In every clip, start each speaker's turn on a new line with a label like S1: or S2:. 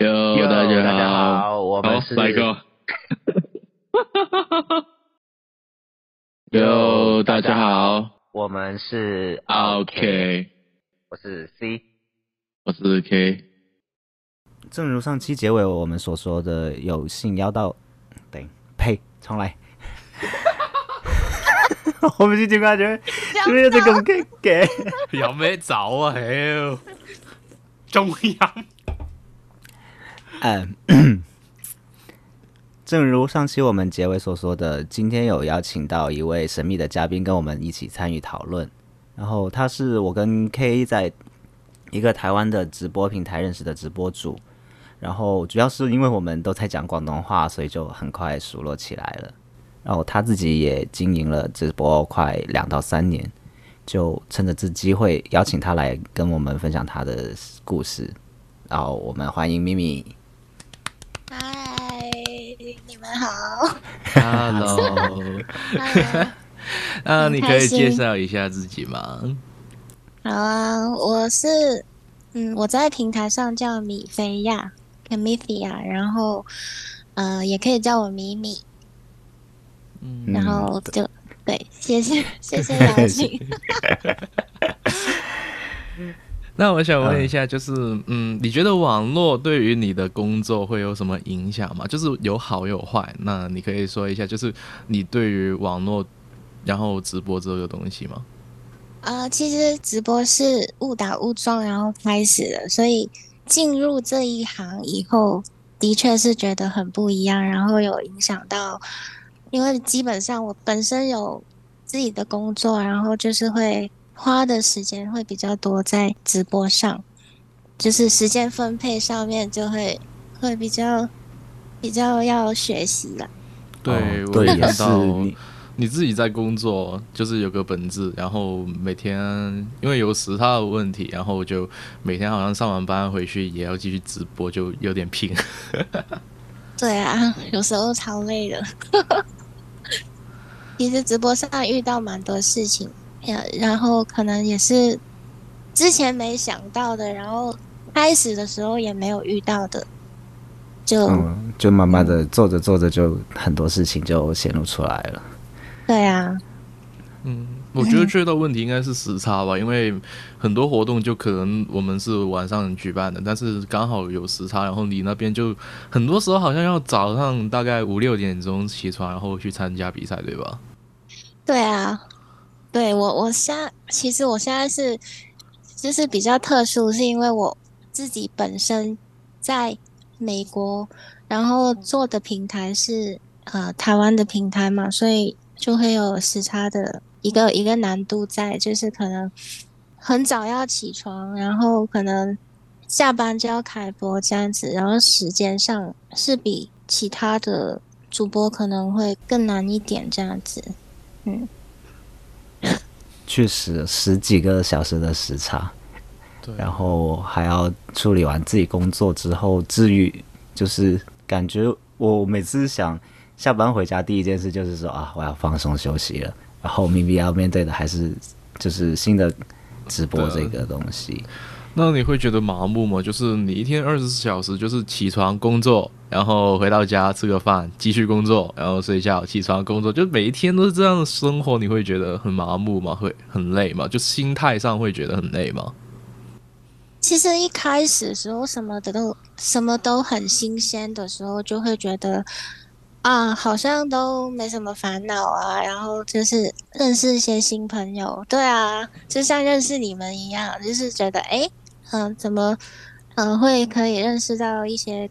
S1: Yo，Yo 大家好，oh, 我們是麥哥。哈，哈，
S2: 哈，哈，哈 Yo 大家好，我們是 OK，, okay. 我是 C，我是 K。正如上期結尾我們所說的有，有幸邀到，等，呸，重來。哈哈哈哈哈，我們是警察局，因
S1: 為到 要再攻擊。有咩酒啊？屌，中飲
S2: 正如上期我們結尾所說的，今天有邀請到一位神秘的嘉賓跟我們一起參與討論。然後他是我跟 K 在一個台灣的直播平台認識的直播主，然後主要是因為我們都在講廣東話，所以就很快熟絡起來了。然後他自己也經營了直播快兩到三年，就趁着這機會邀請他來跟我們分享他的故事。然後我們歡迎咪咪。
S3: 你們好，哈嘍。Hello 啊，你可以介紹一下自己嗎？好啊，我是，嗯，我在平台上叫米菲婭、Kemythia，然後，呃，也可以叫我米米，嗯、mm，hmm. 然後就對，謝謝，謝謝邀請。
S1: 那我想問一下，就是，嗯，嗯，你覺得網絡對於你的工作會有什麼影響嗎？就是有好有壞，那你可以說一下，就是你對於網絡，然後直播這個東西嗎？
S3: 啊，呃，其實直播是誤打誤撞然後開始的，所以進入這一行以後，的確是覺得很不一樣，然後有影響到，因為基本上我本身有自己的工作，然後就是會。花的時間會比較多在直播上，就是時間分配上面就會會比較比較要學習了對、哦。對，我也看是你。
S1: 你自己在工作，就是有個本質，然後每天因為有時差問題，然後就每天好像上完班回去也要繼續直播，就有點拼。
S3: 對啊，有時候超累的。 其實直播上遇到蠻多事情。呀，然後可能也是之前沒想到的，然後開始的時候也沒有遇到的，就、嗯、
S2: 就慢慢的做、嗯、着做着就，就很多事情就顯露出來了。
S3: 對呀、啊，嗯，
S1: 我覺得最大問題應該是時差吧？ 因為很多活動就可能我們是晚上舉辦的，但是剛好有時差，然後你那邊就很多時候好像要早上大概五六點鐘起床，然後去參加比賽，對吧？
S3: 對啊。對我，我現其實我現在是，就是比較特殊，是因為我自己本身在美國，然後做的平台是呃台灣的平台嘛，所以就會有時差的一個一個難度在，就是可能很早要起床，然後可能下班就要開播這樣子，然後時間上是比其他的主播可能會更難一點這樣子，嗯。
S2: 確實十幾個小時的時差，對然後還要處理完自己工作之後愈，至於就是感覺我每次想下班回家，第一件事就是說啊，我要放鬆休息了，然後明明要面對的還是就是新的直播這個東西。
S1: 那你會覺得麻木嗎？就是你一天二十四小時，就是起床工作，然後回到家吃個飯，繼續工作，然後睡覺，起床工作，就每一天都是這樣的生活。你會覺得很麻木嗎？會很累嗎？就心態上會覺得很累嗎？
S3: 其實一開始的時候什麼的都什麼都很新鮮的時候，就會覺得啊，好像都沒什麼煩惱啊。然後就是認識一些新朋友，對啊，就像認識你們一樣，就是覺得哎。誒嗯，怎麼，嗯，會可以認識到一些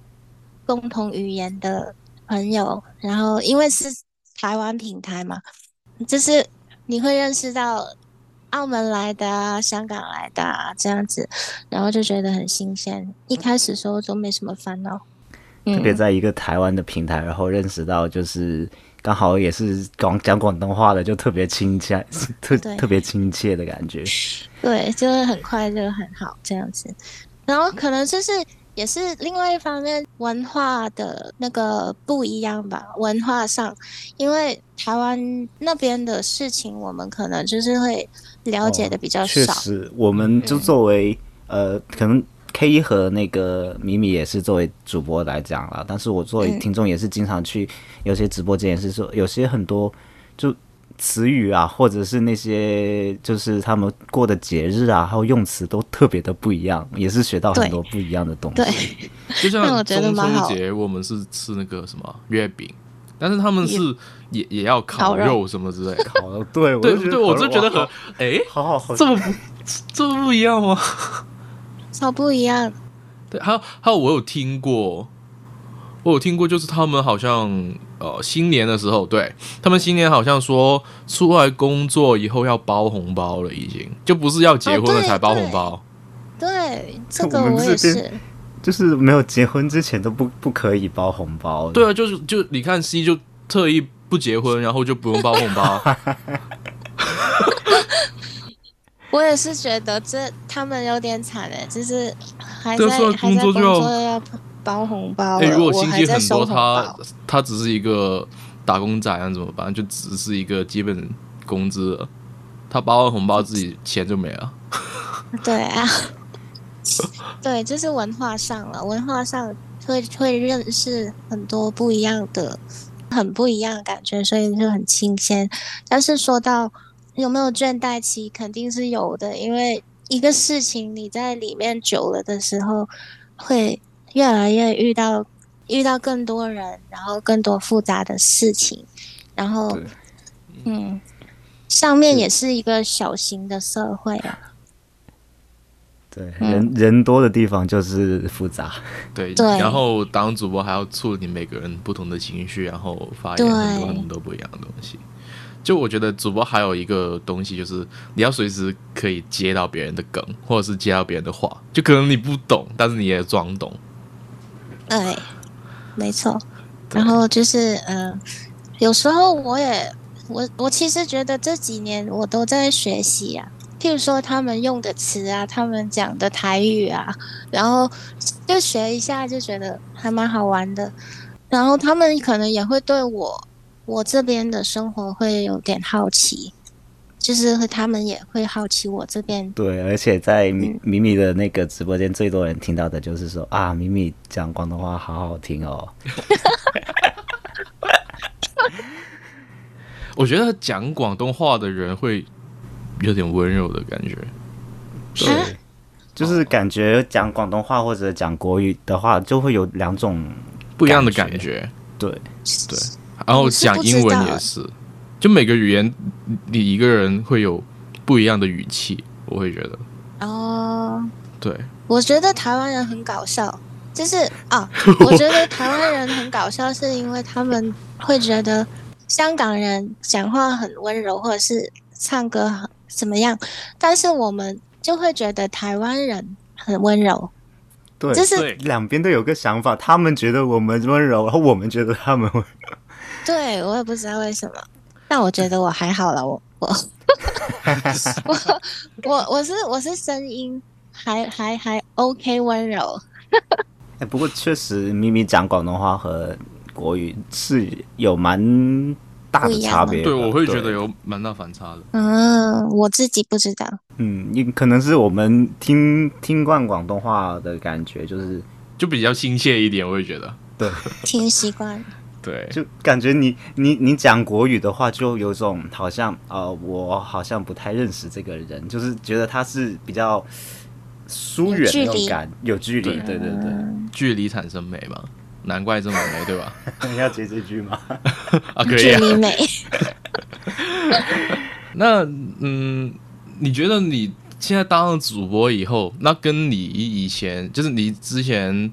S3: 共同語言的朋友，然後因為是台灣平台嘛，就是你會認識到澳門來的、啊、香港來的、啊、這樣子，然後就覺得很新鮮。一開始時候都沒什麼煩惱，嗯、特別
S2: 在一個台灣的平台，然後認識到就是剛好也是廣講，講廣東話的，就特別親切，特對特別親切的感覺。
S3: 對，就是很快，就很好這樣子，然後可能就是也是另外一方面文化的那個不一樣吧，文化上，因為台灣那邊的事情，我們可能就是會了解的比較少。是、哦、確實、
S2: 我們就作為、嗯、呃，可能 K 和那個米米也是作為主播來講了，但是我作為聽眾也是經常去、嗯、有些直播間，也是說有些很多就。詞語啊，或者是那些就是他們過的節日啊，還有用詞都特別的不一樣，也是學到很多不一樣的東西。對，
S1: 對，就像中秋節，我們是吃那個什麼月餅， 但，但是他們是也也要烤肉什麼之類，烤肉。烤肉 對，對，對，我就覺得很哎，哇欸、好好好，這麼
S3: 不 這麼不一樣嗎？好 不一樣。
S1: 對，還有還有，我有聽過，我有聽過，就是他們好像。呃、哦，新年的時候，對，他們新年好像說出來工作以後要包紅包了，已經就不是要結婚了才包紅包。
S3: 啊、對，對，對，這
S1: 個
S2: 我也是，就是沒有結婚之前都不不可以包紅包。
S1: 對啊，就是就你看 C 就特意不結婚，然後就不用包紅包。
S3: 我也是覺得這他們有點慘哎，是就是還在工作要。包紅包、欸，如果親戚很多，他
S1: 他只是一個打工仔那、啊、怎麼辦？就只是一個基本工資，他包完紅包自己錢就沒了。
S3: 對啊， 對，就是文化上了，文化上會會認識很多不一樣的，很不一樣的感覺，所以就很新鮮。但是說到有沒有倦怠期，肯定是有的，因為一個事情你在裡面久了的時候會。越來越遇到遇到更多人，然後更多複雜的事情，然後，對嗯，上面也是一個小型的社會，啊、
S1: 對，
S3: 嗯、
S2: 人人多的地方就是複
S1: 雜。對對。對然後當主播還要處理每個人不同的情緒，然後發現很多很多不一樣的東西。對就我覺得主播還有一個東西，就是你要隨時可以接到別人的梗，或者是接到別人的話，就可能你不懂，但是你也裝懂。
S3: 對、哎，沒錯。然後就是，嗯、呃，有時候我也我我其實覺得這幾年我都在學習啊，譬如說他們用的詞啊，他們講的台語啊，然後就學一下就覺得還蠻好玩的。然後他們可能也會對我我這邊的生活會有點好奇。就是和他們也會好奇我這邊。
S2: 對，而且在米米米的那個直播間，最多人聽到的就是說、
S1: 嗯、啊，米米講廣東話好好聽哦。我覺得講廣東話的人會有點溫柔的感覺。對，是，就是感覺講廣東話或者講國語的話，就會有兩種不一樣的感覺。對對，然後講英文也是。就每個語言，你一個人會有不一樣的語氣，我會覺得哦，oh, 對，
S3: 我覺得台灣人很搞笑，就是啊，我覺得台灣人很搞笑，是因為他們會覺得香港人講話很溫柔，或者是唱歌很怎麼樣，但是我們就會覺得台灣人很溫柔，對，就是
S2: 對兩邊都有個想法，他們覺得我們溫柔，然後我們覺得他們溫柔，
S3: 對，我也不知道為什麼。那我覺得我還好了，我我 我我我是我是聲音還還還 OK 溫柔。
S2: 哎、 欸，不過確實咪咪講廣東話和國語是有蠻大的差別，對，我會覺
S3: 得
S1: 有蠻大反差的。
S3: 嗯，我自己不知道。嗯，
S2: 你可能是我們聽聽慣廣東話的感覺，就是就比較親切一點，我會覺得對，
S3: 聽習慣。
S2: 對，就感覺你你你講國語的話，就有種好像呃，我好像不太認識這個
S1: 人，就是覺得他是比較疏遠的那種感，有距離，有距離對，對對對，距離產生美嘛，難怪這麼美， 對吧？ 你要接這句嗎？ 啊，可以、啊，距你美。 那嗯，你覺得你現在當了主播以後，那跟你以前就是你之前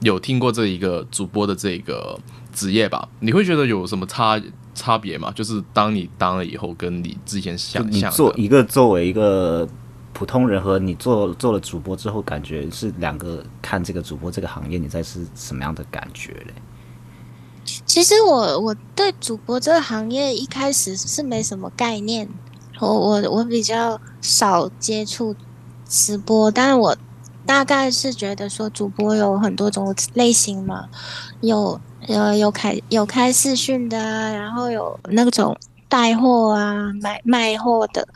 S1: 有聽過這一個主播的這一個？職業吧，你會覺得有什麼差差別嗎就是當你當了以後，跟你之前想象做一個作
S2: 為一個普通人和你做做了主播之後，感覺是兩個看這個主播這個行業，你再是什麼樣的感覺嘞？
S3: 其實我我對主播這個行業一開始是沒什麼概念，我我我比較少接觸直播，但是我大概是覺得說主播有很多種類型嘛，有。呃，有開有開視訊的啊，然後有那種帶貨啊、賣賣貨的，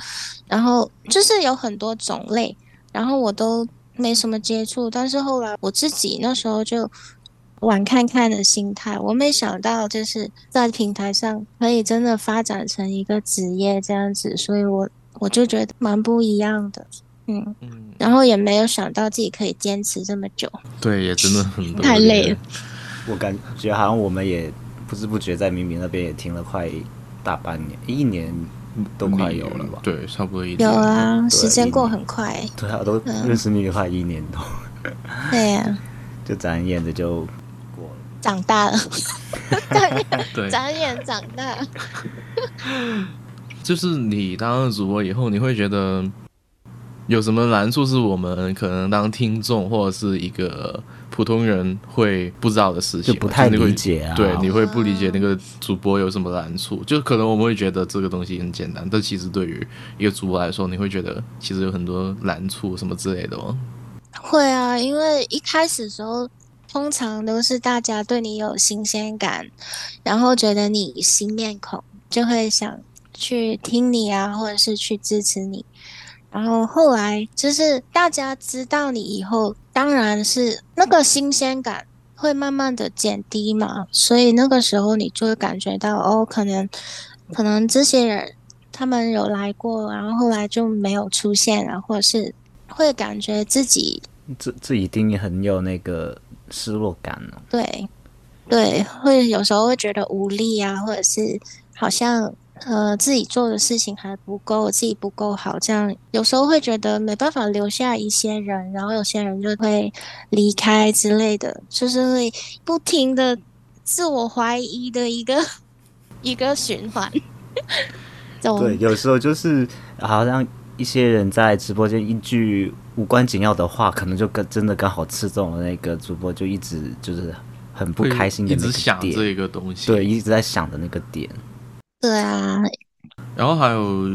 S3: 然後就是有很多種類，然後我都沒什麼接觸，但是後來我自己那時候就玩看看的心態，我沒想到就是在平台上可以真的發展成一個職業這樣子，所以我我就覺得蠻不一樣的，嗯嗯，然後也沒有想到自己可以堅持這麼久，
S2: 對，也真的很太累了。我感覺好像我們也不知不覺在明明那邊也聽了快大半年，一年都快有了吧？對，差不多一年。有啊，對時間
S3: 過很快。年嗯、
S2: 對啊，都認識你快一年多了。對
S3: 呀、
S1: 啊， 就眨眼的就過了，
S3: 長大了。 眼 對，眨眼長大了。
S1: 就是你當了主播以後，你會覺得有什麼難處？是我們可能當聽眾或者是一個？普通人會不知道的事情，就不太理解啊。對，你會不理解那個主播有什麼難處？嗯，就可能我們會覺得這個東西很簡單，但其實對於一個主播來說，你會覺得其實有很多難處什麼之類的嗎？
S3: 會啊，因為一開始時候，通常都是大家對你有新鮮感，然後覺得你新面孔，就會想去聽你啊，或者是去支持你。然後後來就是大家知道你以後，當然是那個新鮮感會慢慢的減低嘛，所以那個時候你就會感覺到哦，可能可能這些人他們有來過，然後後來就沒有出現，然後是會感覺自己
S2: 自自己一定很有那個失落感哦。
S3: 對，對，會有時候會覺得無力啊，或者是好像。呃，自己做的事情還不夠，自己不夠好，這樣有時候會覺得沒辦法留下一些人，然後有些人就會離開之類的，就是會不停的自我懷疑的一個一個循環。 對，
S2: 有時候就是好像一些人在直播間一句無關緊要的話，可能就跟真的剛好刺中了那個主播，就一直就是很不開心的，一直想這個東西，對，一直在想的
S1: 那個點。對啊，然後還有，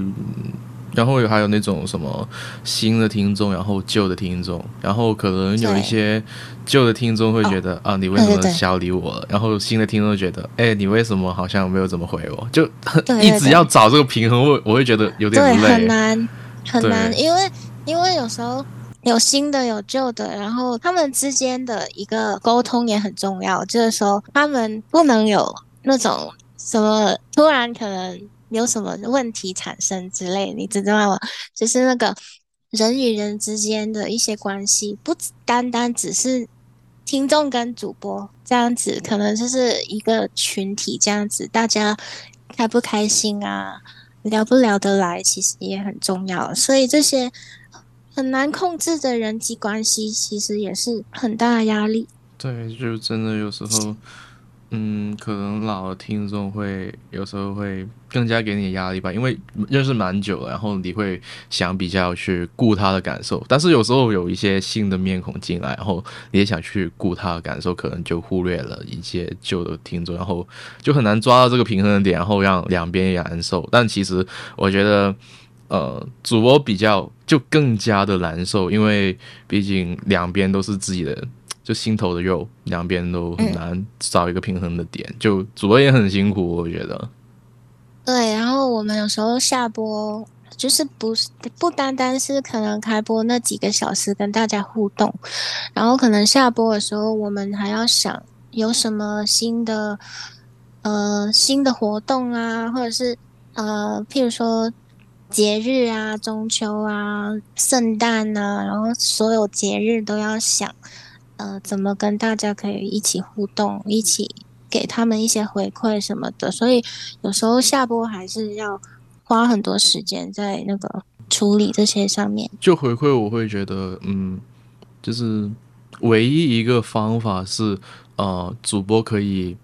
S1: 然後還有那種什麼新的聽眾，然後舊的聽眾，然後可能有一些舊的聽眾會覺得、哦、啊，你為什麼小理我？對對對，然後新的聽眾覺得，哎、欸，你為什麼好像沒有怎麼回我？就對對對 一直要找這個平衡會，我我會覺得有點累，很難很難，
S3: 很難對因為因為有時候有新的有舊的，然後他們之間的一個溝通也很重要，就是說他們不能有那種。什麼突然可能有什麼問題產生之類，你知道嗎？就是那個人與人之間的一些關係，不單單只是聽眾跟主播這樣子，可能就是一個群體這樣子，大家開不開心啊，聊不聊得來，其實也很重要。所以這些很難控制的人際關係，其實也是很大的壓力。
S1: 對，就真的有時候。嗯，可能老的聽眾會有時候會更加給你壓力吧，因為認識蠻久了，然後你會想比較去顧他的感受，但是有時候有一些新的面孔進來，然後你也想去顧他的感受，可能就忽略了一些舊的聽眾，然後就很難抓到這個平衡點，然後讓兩邊也難受。但其實我覺得，呃，主播比較就更加的難受，因為畢竟兩邊都是自己的就心頭的肉，兩邊都很難找一個平衡的點。嗯、就主播也很辛苦，我
S3: 覺得。對，然後我們有時候下播，就是不是不單單是可能開播那幾個小時跟大家互動，然後可能下播的時候，我們還要想有什麼新的呃新的活動啊，或者是呃譬如說節日啊，中秋啊，聖誕啊，然後所有節日都要想。呃，怎麼跟大家可以一起互動，一起給他們一些回饋什麼的。所以有時候下播還是要花很多時間在那個處理這些上面。
S1: 就回饋，我會覺得，嗯，就是唯一一個方法是，呃，主播可以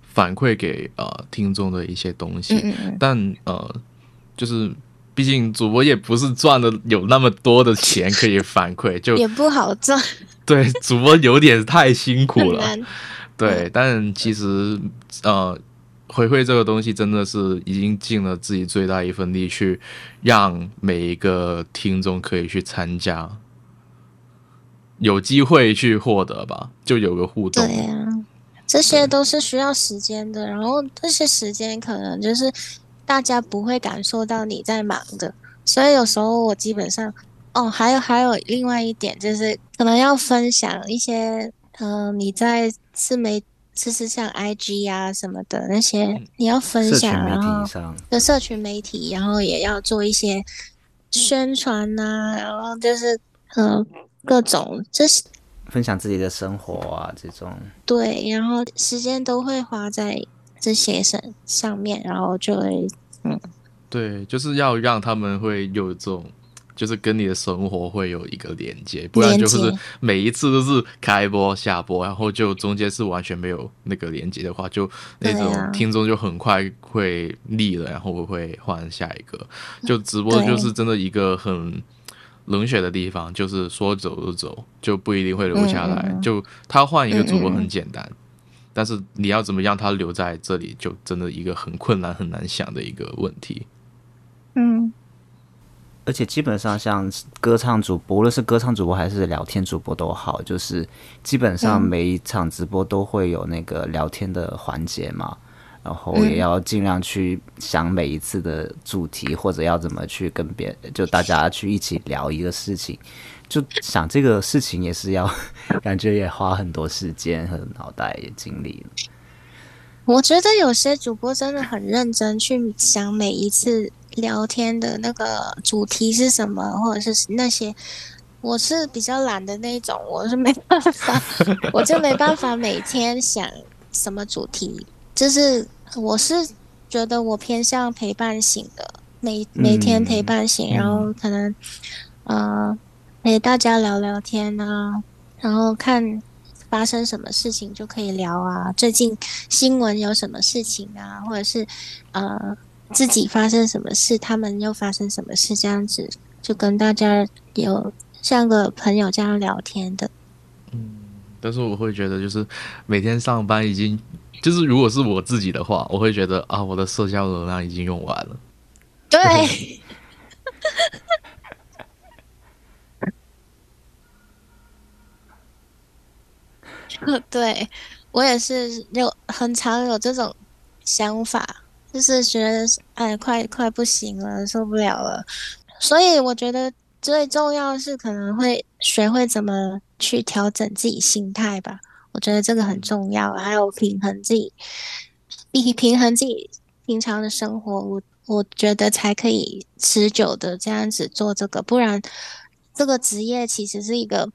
S1: 反饋給呃聽眾的一些東西，嗯嗯。但呃，就是畢竟主播也不是賺的有那麼多的錢可以反饋，就也
S3: 不好賺。
S1: 對 主播有點太辛苦了，很難 對，嗯、但其實呃，回饋這個東西真的是已經盡了自己最大一份力，去讓每一個聽眾可以去參加，有機會去獲得吧，就有個互動。對呀、啊，
S3: 這些都是需要時間的，對然後這些時間可能就是大家不會感受到你在忙的，所以有時候我基本上。哦，還有還有另外一點，就是可能要分享一些，嗯、呃，你在自媒，就是像 IG 啊什麼的那些，你要分享，然後就社群媒體，然後也要做一些宣傳吶、啊，然後就是嗯、呃，各種就是
S2: 分享自己的
S1: 生活啊這種。
S3: 對，然後時間都會花在這些上上面，然後就會嗯，
S1: 對，就是要讓他們會有這種。就是跟你的生活會有一個連接，不然就是每一次都是開播下播，接然後就中間是完全沒有那個連接的話，就那種聽眾就很快會膩了，啊、然後會會換下一個。就直播就是真的一個很冷血的地方，對就是說走就走，就不一定會留下來。嗯嗯，就他換一個主播很簡單，嗯嗯，但是你要怎麼樣他留在這裡，就真的一個很困難很難想的一個問題。嗯。而且
S2: 基本上，像歌唱主播，無論是歌唱主播還是聊天主播都好，就是基本上每一場直播都會有那個聊天的環節嘛，嗯、然後也要盡量去想每一次的主題、嗯、或者要怎麼去跟別就大家去一起聊一個事情，就想這個事情也是要感覺也花很多時間和腦袋也精力了。
S3: 我覺得有些主播真的很認真去想每一次，聊天的那個主題是什麼，或者是那些？我是比較懶的那種，我是沒辦法， 我就沒辦法每天想什麼主題。就是我是覺得我偏向陪伴型的，每每天陪伴型，嗯、然後可能嗯，陪、呃、大家聊聊天啊，然後看發生什麼事情就可以聊啊。最近新聞有什麼事情啊，或者是嗯……呃自己發生什麼事，他們又發生什麼事，這樣子就跟大家有像個朋友這樣聊天的。嗯，
S1: 但是我會覺得，就是每天上班已經，就是如果是我自己的話，我會覺得啊，我的社交能量已經用完了。
S3: 對。 對，我也是有很常有這種想法。就是覺得，哎，快快不行了，受不了了。所以我覺得最重要的是可能會學會怎麼去調整自己心態吧。我覺得這個很重要，還有平衡自己，比平衡自己平常的生活，我我覺得才可以持久的這樣子做這個。不然，這個職業其實是一個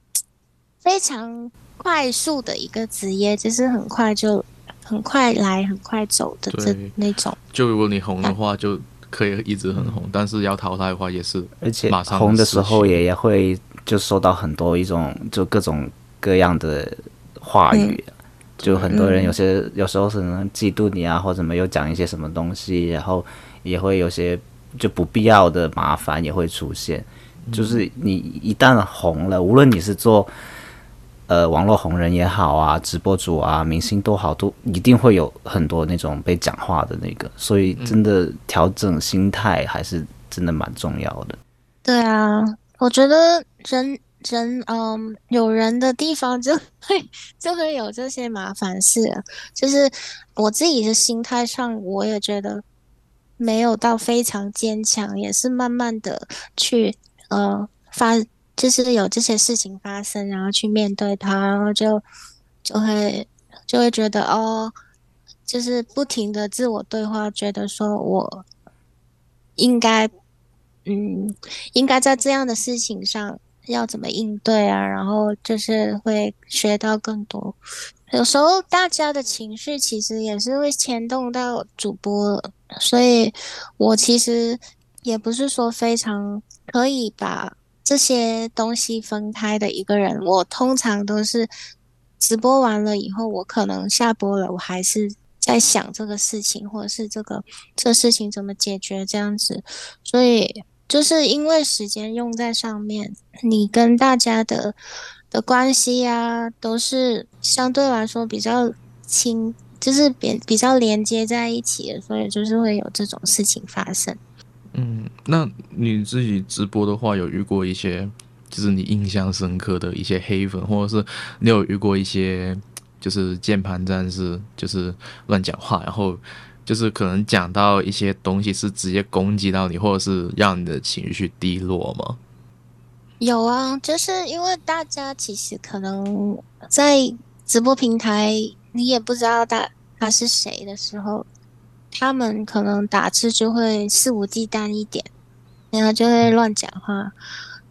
S3: 非常快速的一個職業，就是很快就。很快來，很快走的
S1: 這對那種。就如果你紅的話，就可以一直很紅。嗯、但是要淘汰的話，也是馬上，而且紅的時候也
S2: 也會就受到很多一種就各種各樣的話語。嗯、就很多人有些、嗯、有時候可能嫉妒你啊，或者什麼又講一些什麼東西，然後也會有些就不必要的麻煩也會出現。嗯、就是你一旦紅了，無論你是做。呃，網絡紅人也好啊，直播主啊，明星都好，都一定會有很多那種被講話的那個，所以真的調整心態還是真的蠻重要的。嗯。
S3: 對啊，我覺得人人嗯、呃、有人的地方就會就會有這些麻煩事啊。就是我自己的心態上，我也覺得沒有到非常堅強，也是慢慢的去呃發。就是有這些事情發生，然後去面對它，然後就就會就會覺得哦，就是不停的自我對話，覺得說我應該嗯應該在這樣的事情上要怎麼應對啊？然後就是會學到更多。有時候大家的情緒其實也是會牽動到主播，所以我其實也不是說非常可以吧。這些東西分開的一個人，我通常都是直播完了以後，我可能下播了，我還是在想這個事情，或者是這個這事情怎麼解決這樣子。所以就是因為時間用在上面，你跟大家的的關係啊，都是相對來說比較親，就是別，比較連接在一起的，所以就是會有這種事情發生。
S1: 嗯，那你自己直播的話，有遇過一些就是你印象深刻的一些黑粉，或者是你有遇過一些就是鍵盤戰士就是亂講話，然後就是可能講到一些東西是直接攻擊到你，或者是讓你的情緒低落
S3: 嗎？有啊，就是因為大家其實可能在直播平台，你也不知道他他是誰的時候。他們可能打字就會肆無忌憚一點，然後就會亂講話，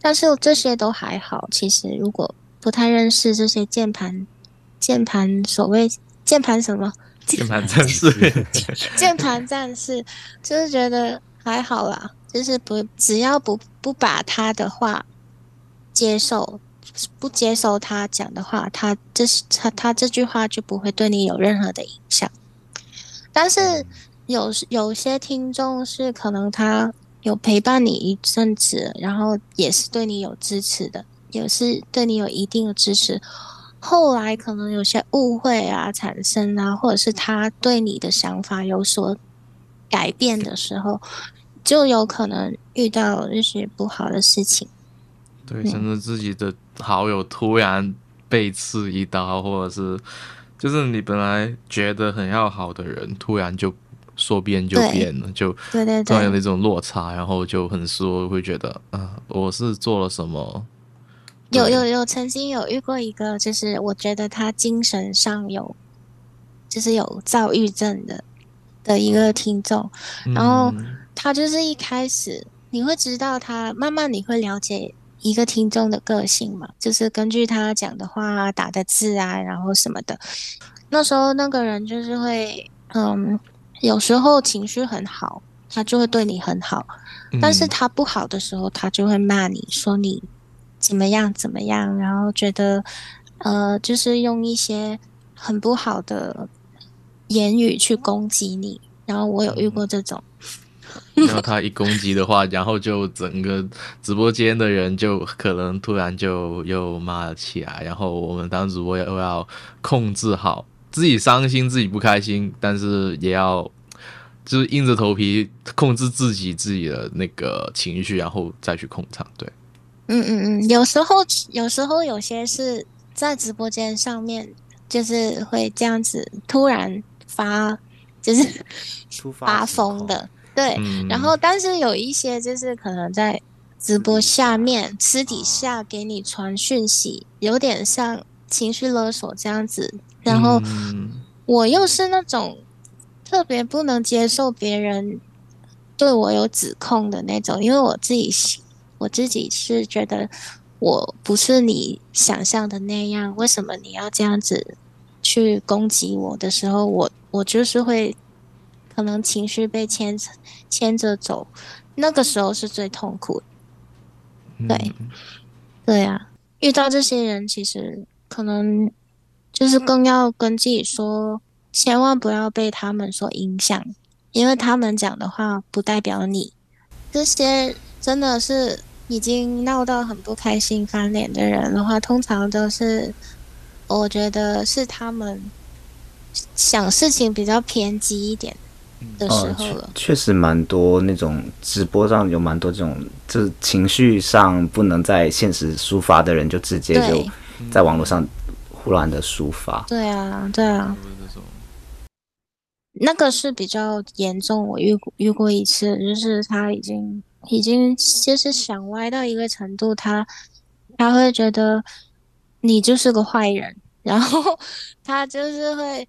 S3: 但是這些都還好。其實，如果不太認識這些鍵盤，鍵盤所謂鍵盤什麼鍵盤戰， 戰士，鍵盤戰士，就是覺得還好啦。就是不，只要不，不把他的話接受，不接受他講的話，他這是他他這句話就不會對你有任何的影響，但是。嗯有有些聽眾是可能他有陪伴你一陣子，然後也是對你有支持的，也是對你有一定的支持。後來可能有些誤會啊產生啊，或者是他對你的想法有所改變的時候，就有可能遇到一些不好的事情。
S1: 對，嗯、甚至自己的好友突然被刺一刀，或者是就是你本來覺得很要好的人，突然就。說變就變了，對就，對對對，突然有那種落差，然後就很說會覺得啊，我是做了什麼？有有
S3: 有，曾經有遇過一個，就是我覺得他精神上有，就是有躁鬱症的的一個聽眾，嗯、
S1: 然後
S3: 他就是一開始你會知道他，慢慢你會了解一個聽眾的個性嘛，就是根據他講的話、啊、打的字啊，然後什麼的。那時候那個人就是會嗯。有時候情緒很好，他就會對你很好，嗯、但是他不好的時候，他就會罵你說你怎麼樣怎麼樣，然後覺得呃，就是用一些很不好的言語去攻擊你。然後我有遇過這種，
S1: 嗯、然後他一攻擊的話， 然後就整個直播間的人就可能突然就又罵了起來，然後我們當主播又要控制好。自己傷心，自己不開心，但是也要就是硬着頭皮控制自己自己的那個情緒，然後再去控場。對，嗯嗯
S3: 嗯，有時候有時候有些是在直播間上面就是會這樣子突然發，就是發瘋的，對。嗯、然後，但是有一些就是可能在直播下面私底下給你傳訊息，有點像。情緒勒索這樣子，然後我又是那種特別不能接受別人對我有指控的那種，因為我自己，我自己是覺得我不是你想象的那樣，為什麼你要這樣子去攻擊我的時候，我我就是會可能情緒被牽牽着走，那個時候是最痛苦的。對，嗯，對呀，啊，遇到這些人其實。可能就是更要跟自己說，千萬不要被他們所影響，因為他們講的話不代表你。這些真的是已經鬧到很不開心、翻臉的人的話，通常都是我覺得是他們想事情比較偏激一點的時候了。
S2: 呃、確實，蠻多那種直播上有蠻多這種，就是情緒上不能在現實抒發的人，就直接就。在網絡上，胡亂的抒發。對啊，對
S3: 啊。那種，那個是比較嚴重。我遇過遇過一次，就是他已經已經就是想歪到一個程度，他他會覺得你就是個壞人，然後他就是會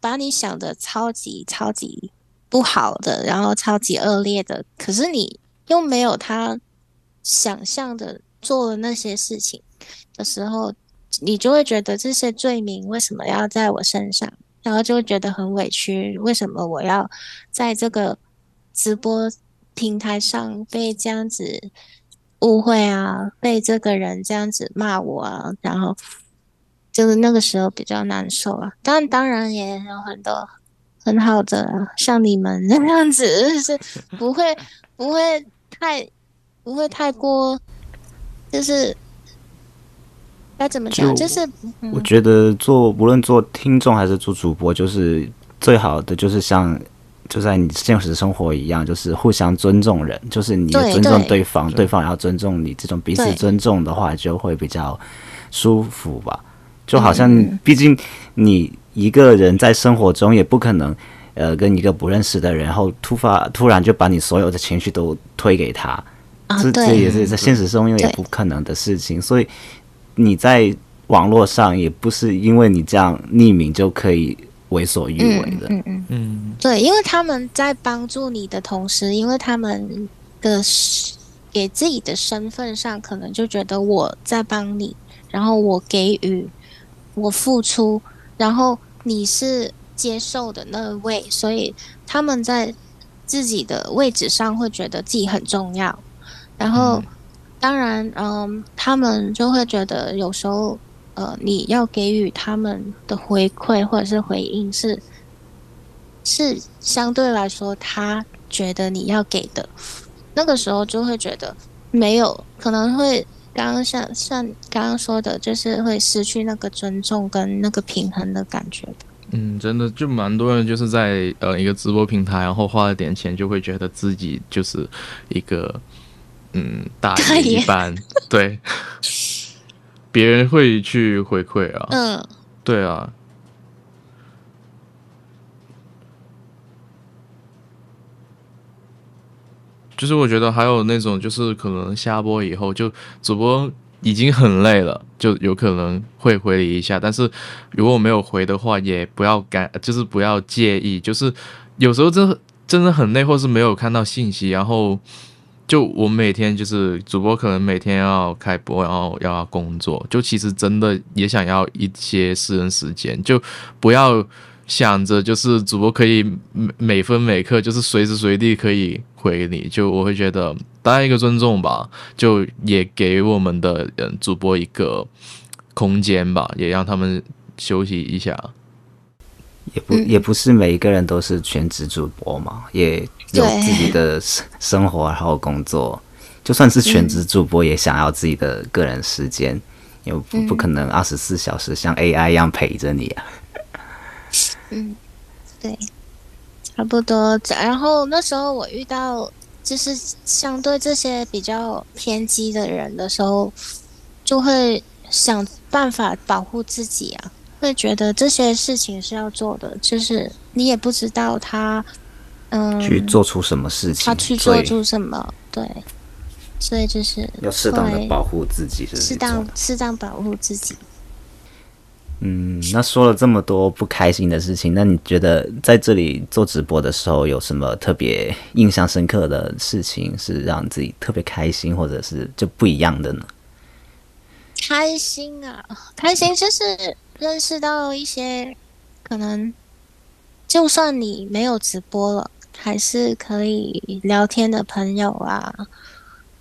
S3: 把你想的超級超級不好的，然後超級惡劣的，可是你又沒有他想象的做的那些事情。的時候，你就會覺得這些罪名為什麼要在我身上？然後就會覺得很委屈，為什麼我要在這個直播平台上被這樣子誤會啊？被這個人這樣子罵我啊？然後就是那個時候比較難受啊。但當然也有很多很好的，像你們這樣子就是不會不會太不會太過，就是。怎麼講？就,就是、嗯、我覺得
S2: 做，無論做聽眾還是做主播，就是最好的，就是像就在你現實生活一樣，就是互相尊重人，就是你尊重對方，對,對方也要尊重你，這種彼此尊重的話，就會比較舒服吧。對就好像，畢竟你一個人在生活中也不可能，呃，跟一個不認識的人，然後突發突然就把你所有的情緒都推給他，啊、這對這也是在現實中又也不可能的事情，對所以。你在網絡上也不是因為你這樣匿名就可以為所欲為的嗯。嗯
S3: 嗯嗯，對，因為他們在幫助你的同時，因為他們的給自己的身份上，可能就覺得我在幫你，然後我給予我付出，然後你是接受的那位，所以他們在自己的位置上會覺得自己很重要，嗯、然後。當然，嗯，他們就會覺得有時候，呃，你要給予他們的回饋或者是回應是，是相對來說他覺得你要給的，那個時候就會覺得沒有，可能會剛剛像像剛剛說的，就是會失去那個尊重跟那個平衡的感覺。嗯，
S1: 真的就蠻多人就是在呃一個直播平台，然後花了點錢，就會覺得自己就是一個。嗯，打一般對，對，別人會去回饋啊。嗯，對啊。就是我覺得還有那種，就是可能下播以後，就主播已經很累了，就有可能會回你一下。但是如果我沒有回的話，也不要感，就是不要介意。就是有時候真真的很累，或是沒有看到信息，然後。就我每天就是主播，可能每天要開播，然後要工作。就其實真的也想要一些私人時間，就不要想着就是主播可以每分每刻就是隨時隨地可以回你。就我會覺得當一個尊重吧，就也給我們的嗯主播一個空間吧，也讓他們休息一下。
S2: 也不、嗯、也不是每一個人都是全職主播嘛，嗯、也有自己的生生活，對然後工作。就算是全職主播，嗯、也想要自己的個人時間，也不、嗯、不可能二十四小時像 AI 一樣陪着你啊。嗯，
S3: 對，差不多。然後那時候我遇到，就是相對這些比較偏激的人的時候，就會想辦法保護自己啊。會覺得這些事情，是要做的，就是你也不知道他，嗯，去做出什麼事情，他去做出什麼，所以，對，所以就是要適當的保護自己，是適當適當保護自己。
S2: 嗯，那說了這麼多不開心的事情，那你覺得在這裡做直播的時候，有什麼特別印象深刻的事情，是讓自己特別開心，或者是就不一樣的呢？
S3: 開心啊，開心就是。認識到一些可能，就算你沒有直播了，還是可以聊天的朋友啊，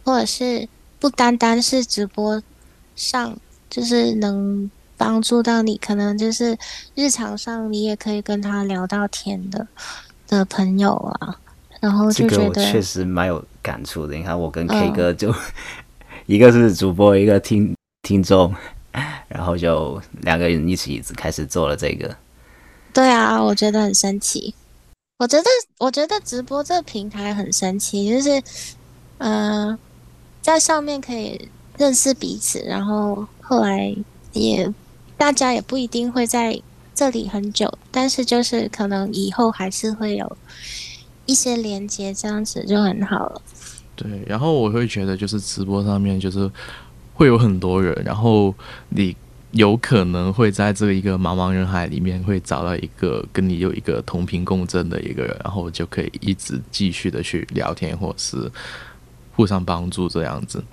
S3: 或者是不單單是直播上，就是能幫助到你，可能就是日常上你也可以跟他聊到天的的朋友啊。然後就覺得這個我確
S2: 實蠻有感觸的。你看，我跟 K 哥就、嗯、一個是主播，一個聽聽眾。然後就兩個人一起開始做了這個。
S3: 對啊，我覺得很神奇。我覺得，我覺得直播這個平台很神奇，就是，嗯、呃，在上面可以認識彼此，然後後來也大家也不一定會在這裡很久，但是就是可能以後還是會有一些連接，這樣子就很好了。
S1: 對，然後我會覺得就是直播上面就是。會有很多人，然後你有可能會在這個一個茫茫人海裡面，會找到一個跟你有一個同頻共振的一個人，然後就可以一直繼續的去聊天，或是互相幫助這樣子。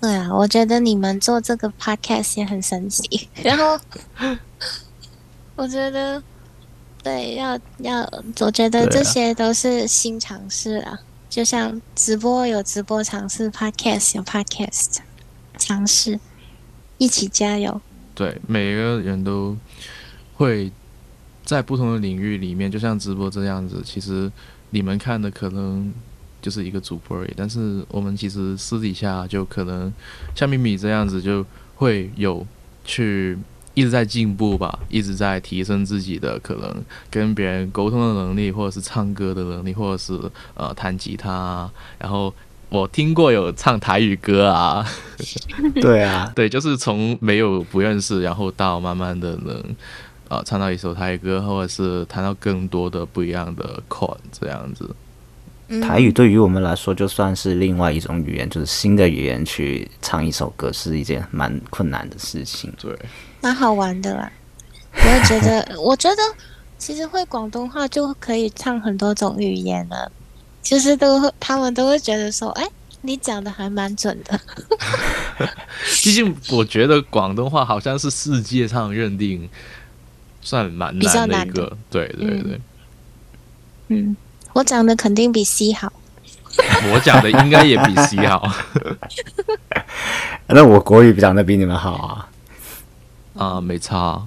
S3: 對啊，我覺得你們做這個 podcast 也很神奇。然後 我覺得，對，要要，我覺得這些都是新嘗試啊，就像直播有直播嘗試，podcast 有 podcast。嘗試，一起加油。
S1: 對，每個人都會在不同的領域裡面，就像直播這樣子。其實你們看的可能就是一個主播而已，但是我們其實私底下就可能像米米這樣子，就會有去一直在進步吧，一直在提升自己的可能跟別人溝通的能力，或者是唱歌的能力，或者是呃彈吉他，然後。我聽過有唱台語歌啊， 對啊，對，就是從沒有不認識，然後到慢慢的能啊、呃、唱到一首台語歌，或者是談到更多的不一樣的曲。這樣子。
S3: 台語
S2: 對於我們來說，就算是另外一種語言，就是新的語言去唱一首歌，是一件蠻困難的事情。對，
S3: 蠻好玩的啦。我覺得， 我覺得其實會廣東話就可以唱很多種語言了。其實都會，他們都會覺得說，哎、欸，你講的還蠻準的。
S1: 畢 竟我覺得廣東話好像是世界上認定算蠻難的一個，對對對。嗯，嗯，
S3: 我講的肯定比 C 好。 我講的
S1: 應該也比 C 好。
S2: 那我國語講的比你們好啊？嗯、啊，沒差、啊。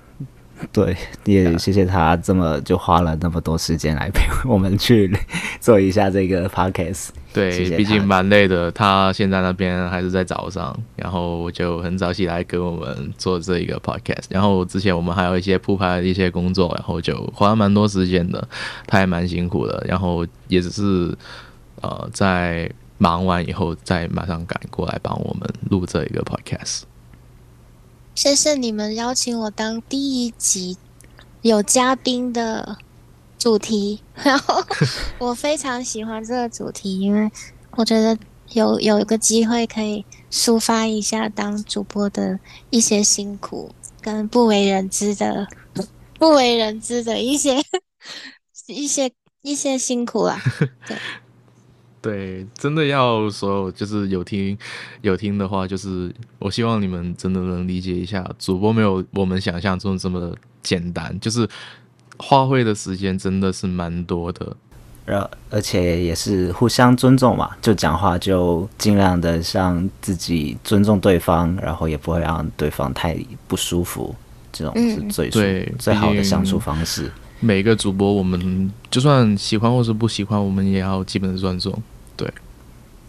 S2: 對，也謝謝他這麼就花了那麼多時間來陪我們去做一下這個 podcast。
S1: 對，謝謝他。畢竟蠻累的。他現在那邊還是在早上，然後就很早起來給我們做這一個 podcast。然後之前我們還有一些鋪排的一些工作，然後就花了蠻多時間的，他也蠻辛苦的。然後也只是呃，在忙完以後再馬上趕過來幫我們錄這一個 podcast。
S3: 謝謝你們邀請我當第一集有嘉賓的主題，然後我非常喜歡這個主題，因為我覺得有有一個機會可以抒發一下當主播的一些辛苦跟不為人知的不為人知的一些一些一些，一些辛苦啊，對。
S1: 對，真的要說，就是有聽有聽的話，就是我希望你們真的能理解一下，主播沒有我們想象中這麼簡單，就是花費的時間真的是蠻多的，
S2: 而而且也是互相尊重嘛，就講話就盡量的像自己尊重對方，然後也不會讓對方
S1: 太不舒服，這種是最最、嗯、最好的相處方式。嗯。每一個主播，我們就算喜歡或是不喜歡，我們也要基本的尊重，對。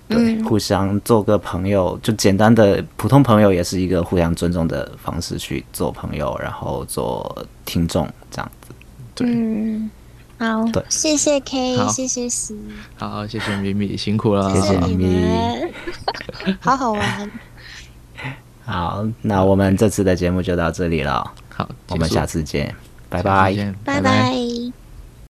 S1: 嗯、對，互
S2: 相做個朋友，就簡單的普通朋友，也是一個互相尊重的方式去做朋友，然後做聽眾這樣子。對，嗯、
S3: 好，對謝謝 K，好謝謝
S1: C，好，謝謝咪咪，辛苦了，謝謝 Mimi，
S3: 好好玩。
S1: 好，那我們
S2: 這次的節目就到這裡了，好，我們下次見。拜拜，見拜拜。拜
S3: 拜。